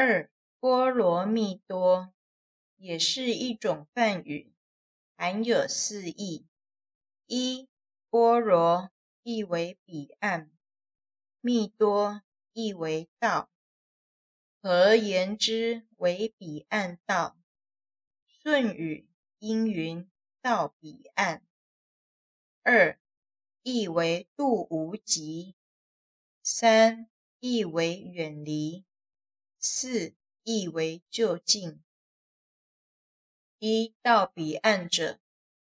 二，波羅蜜多也是一種梵語，含有四意：一，波羅意為彼岸，蜜多意為道，合言之為彼岸道。順語應云到彼岸。二，意為度無極。三，意為遠離。四意為究竟，一到彼岸者，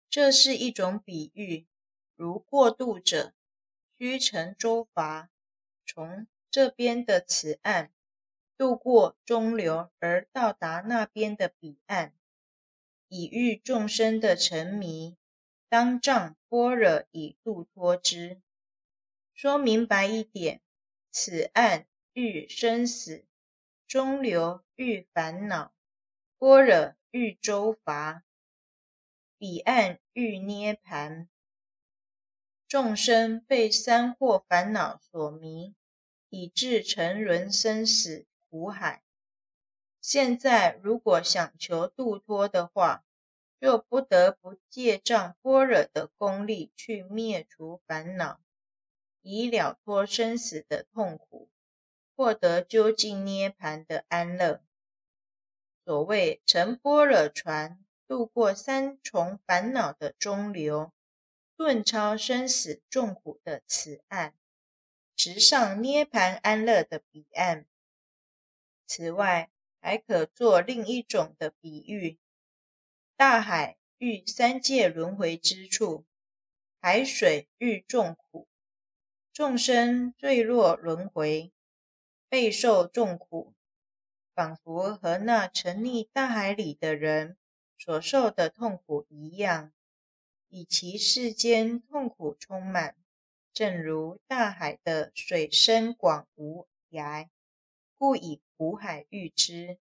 這是一種比喻，如過渡者，須乘舟筏，從這邊的此岸渡過中流，而到達那邊的彼岸，以喻眾生的沉迷。當仗般若以度脫之。說明白一點，此岸喻生死。中流喻煩惱，般若喻舟筏，彼岸喻涅槃。眾生被三惑煩惱所迷，以致沉淪生死苦海。現在如果想求度脫的話，就不得不借仗般若的功力去滅除煩惱，以了脫生死的痛苦。獲得究竟涅槃的安樂。所謂乘般若船，渡過三重煩惱的中流，頓超生死重苦的此岸，直上涅槃安樂的彼岸。此外，還可做另一種的比喻：大海喻三界輪迴之處，海水喻重苦，眾生墜落輪迴。備受眾苦，仿佛和那沉溺大海裡的人所受的痛苦一樣。以其世間痛苦充滿，正如大海的水深廣無涯，故以苦海喻之。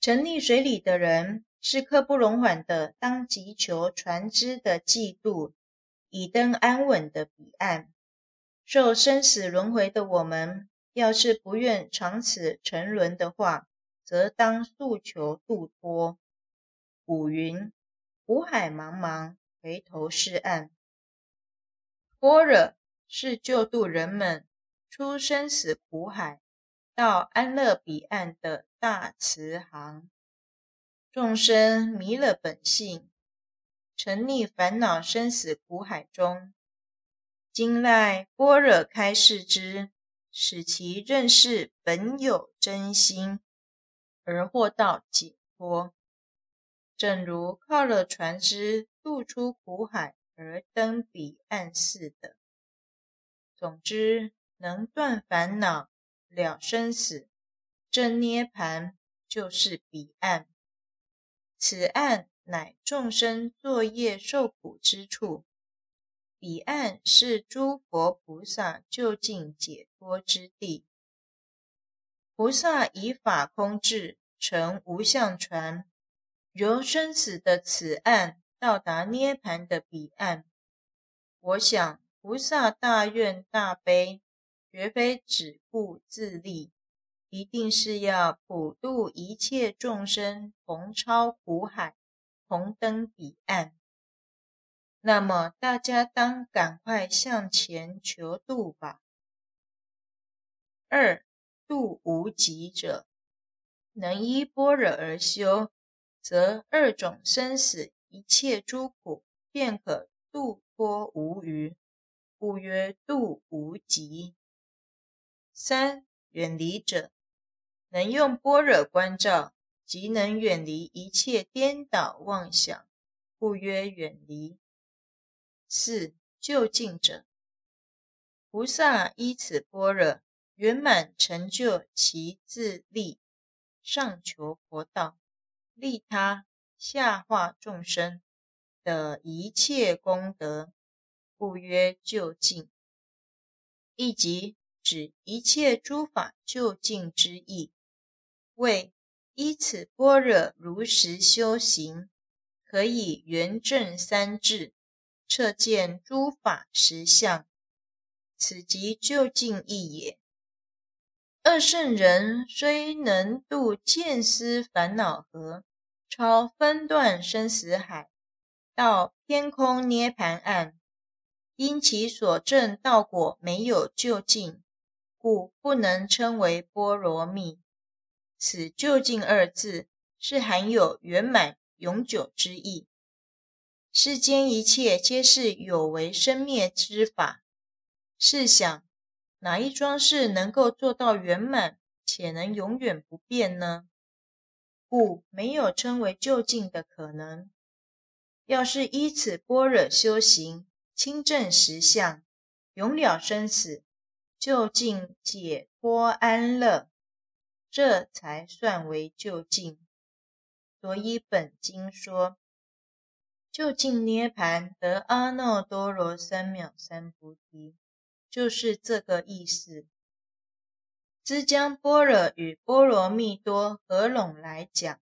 沉溺水裡的人是刻不容緩的，當急求船隻的濟渡，以登安穩的彼岸。受生死輪回的我們。要是不願長此沉淪的話，則當速求度脫。古云：“苦海茫茫，回頭是岸。”般若是救度人們出生死苦海到安樂彼岸的大慈航。眾生迷了本性，沉溺煩惱生死苦海中，今賴般若開示之。使其認識本有真心，而獲到解脫，正如靠了船只渡出苦海而登彼岸似的。總之，能斷煩惱了生死，正涅盤就是彼岸，此岸乃眾生作業受苦之處。彼岸是諸佛菩薩究竟解脫之地，菩薩以法空智乘無相船，由生死的此岸到達涅槃的彼岸。我想，菩薩大願大悲，絕非只顧自利，一定是要普度一切眾生，同超苦海，同登彼岸。那麼大家當趕快向前求渡吧。二度無極者，能依般若而修，則二種生死一切諸苦便可度脫無餘，故曰度無極。三遠離者，能用般若觀照，即能遠離一切顛倒妄想，故曰遠離。四究竟者，菩薩依此般若圓滿成就其自利，上求佛道，利他下化眾生的一切功德，故曰究竟。亦即指一切諸法究竟之意。為依此般若如實修行，可以圓證三智。徹見諸法實相，此即究竟義也。二聖人雖能度見思煩惱河，超分段生死海，到天空涅槃岸，因其所證道果沒有究竟，故不能稱為波羅蜜。此“究竟”二字是含有圓滿、永久之意。世間一切皆是有為生滅之法。試想，哪一樁事能夠做到圓滿且能永遠不變呢？故沒有稱為究竟的可能。要是依此般若修行，親證實相，永了生死，究竟解脫安樂，這才算為究竟。所以本經說。究竟涅槃，得阿耨多羅三藐三菩提，就是這個意思。茲將般若與波羅蜜多合攏來講，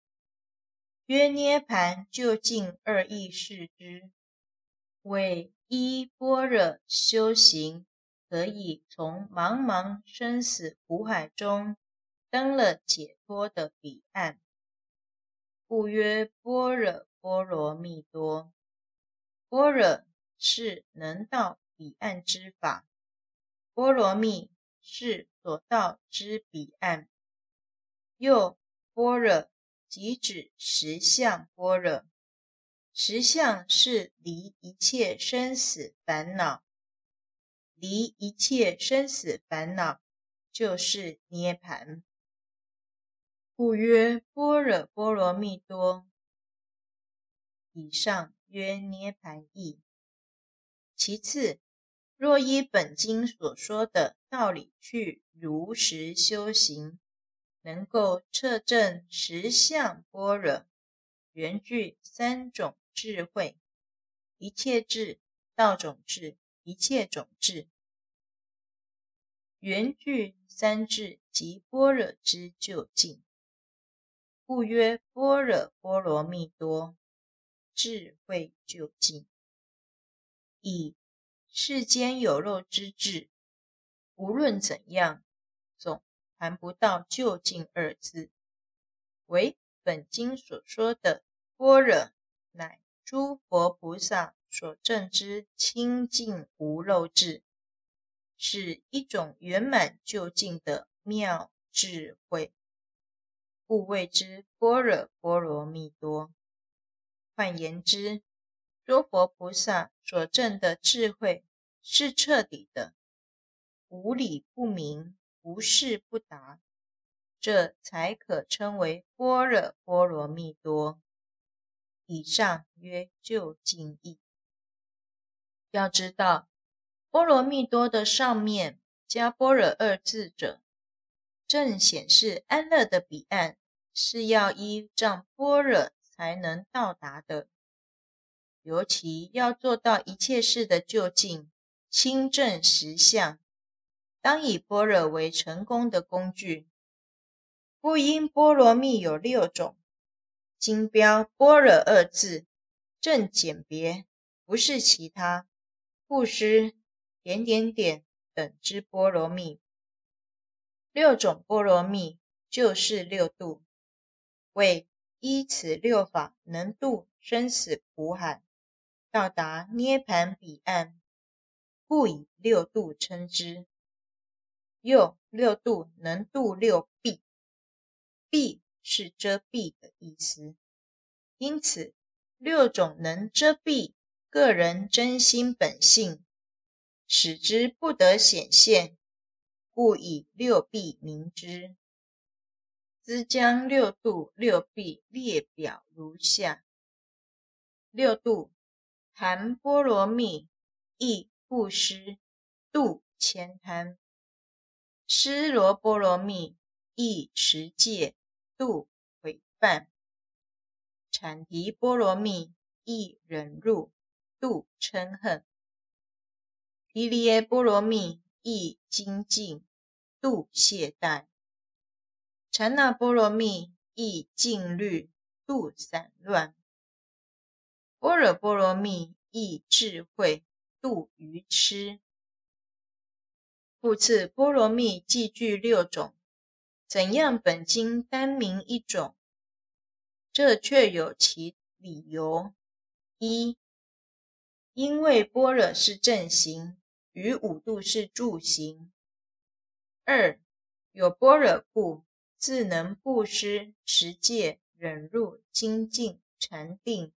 約涅槃究竟二義，釋之，唯依般若修行，可以從茫茫生死苦海中登了解脫的彼岸，故曰般若。波羅蜜多，般若是能到彼岸之法，波羅蜜是所到之彼岸。又般若即指實相般若，實相是離一切生死煩惱，離一切生死煩惱就是涅槃，故曰般若波羅蜜多。以上曰涅槃義，其次，若依本經所說的道理去如實修行，能夠測證實相般若。圓具三種智慧：一切智、道種智、一切種智。圓具三智即般若之究竟，故曰般若波羅蜜多。智慧究竟，以世間有肉之智，無論怎樣，總談不到究竟二字。唯本經所說的般若，乃諸佛菩薩所證之清淨無肉智，是一種圓滿究竟的妙智慧，故謂之般若波羅蜜多。換言之，諸佛菩薩所證的智慧是徹底的，無理不明，無事不達，這才可稱為般若波羅蜜多。以上約就近意。要知道，波羅蜜多的上面加“般若”二字者，正顯示安樂的彼岸是要依仗般若。才能到達的，尤其要做到一切事的究竟、清正、實相。當以波羅為成功的工具。不因波羅密有六種，金標波羅二字正簡別，不是其他不施點點點等之波羅密。六種波羅密就是六度，為。依此六法能度生死苦海，到達涅槃彼岸，故以六度稱之。又六度能度六蔽，蔽是遮蔽的意思。因此，六種能遮蔽個人真心本性，使之不得顯現，故以六蔽名之。之將六度六蔽列表如下：六度，檀波羅蜜，易布施度慳貪；屍羅波羅蜜，易持戒度毀犯；羼提波羅蜜，易忍辱度嗔恨；毗梨耶波羅蜜，易精進度懈怠。禪那波羅蜜，亦淨慮度散亂般若波羅蜜，亦智慧度愚癡。復次，波羅蜜既具六種，怎樣本經單名一種？這卻有其理由，一，因為般若是正行，於五度是助行；二，有般若故，自能布施、持戒、忍辱、精進、禪定。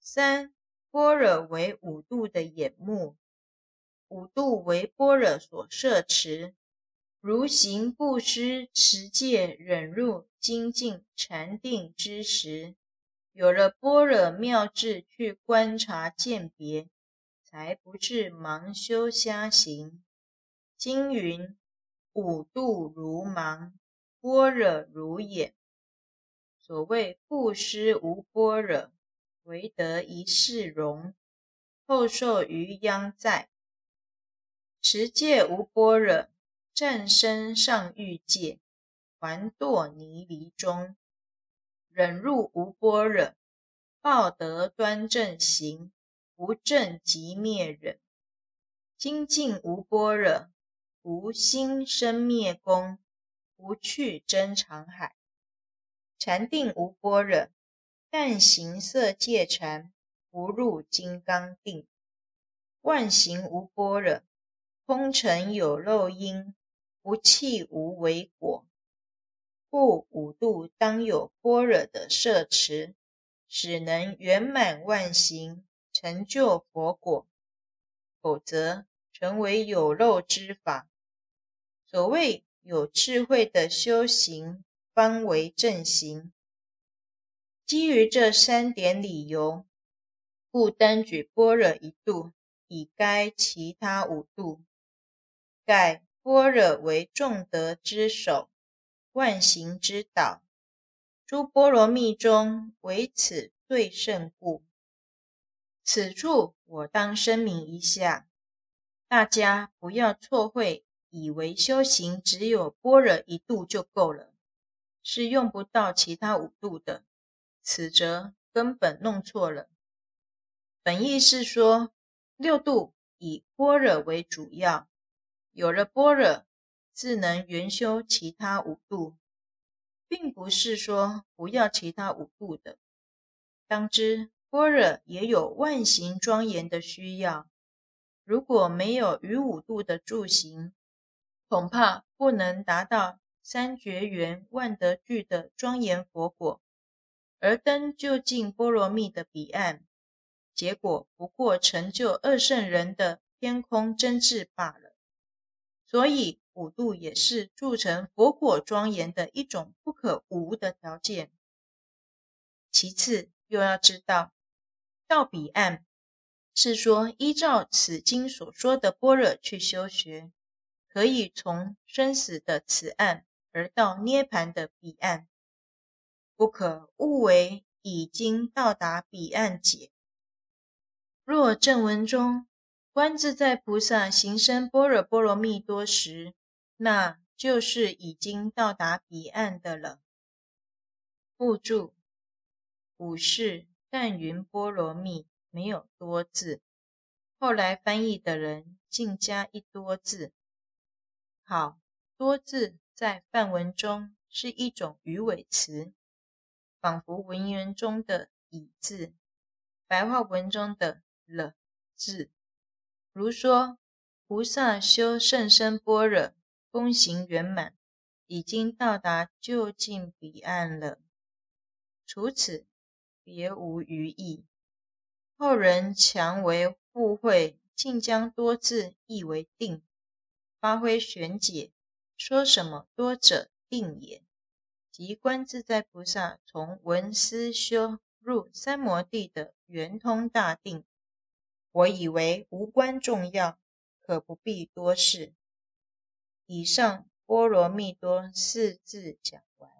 三般若為五度的眼目，五度為般若所攝持。如行布施、持戒、忍辱、精進、禪定之時，有了般若妙智去觀察鑑別，才不致盲修瞎行。經云：“五度如盲。”般若如也，所謂布施無般若，唯得一世榮；後受餘殃債。持戒無般若，暫生上欲界，還墮泥犁中。忍辱無般若，報得端正行，不證寂滅忍。精進無般若，無心生滅功。不去真常海，禪定無般若。但行色界禪，不入金剛定。萬行無般若，空成有漏因。不棄無為果。故五度當有般若的攝持，始能圓滿萬行，成就佛果；否則，成為有漏之法。所謂。有智慧的修行方為正行。基於這三點理由，故單舉般若一度，以賅其他五度。蓋般若為眾德之首，萬行之導，諸般若密中，唯此最勝故。此處我當聲明一下，大家不要錯會。以為修行只有般若一度就夠了，是用不到其他五度的。此則根本弄錯了。本意是說，六度以般若為主要，有了般若，自能圓修其他五度，並不是說不要其他五度的。當知般若也有萬行莊嚴的需要，如果沒有餘五度的助行，恐怕不能達到三覺圓萬德具的莊嚴佛果，而登就近波羅蜜的彼岸，結果不過成就二聖人的偏空真智罷了。所以五度也是鑄成佛果莊嚴的一種不可無的條件。其次，又要知道到彼岸，是說依照此經所說的般若去修學。可以從生死的此岸，而到涅槃的彼岸，不可誤為已經到達彼岸解。若正文中觀自在菩薩行深般若波羅蜜多時，那就是已經到達彼岸的了。附註：五是但云波羅蜜，沒有多字，後來翻譯的人竟加一多字。好，多字在梵文中是一種語尾詞，仿佛文言中的“矣”字，白話文中的“了”字。如說：“菩薩修甚深般若，功行圓滿，已經到達究竟彼岸了。除此，別無餘義。”後人強為附會，竟將多字譯為“定”。發揮玄解，說什麼多者定也，即觀自在菩薩從文思修入三摩地的圓通大定。我以為無關重要，可不必多事。以上波羅蜜多四字講完。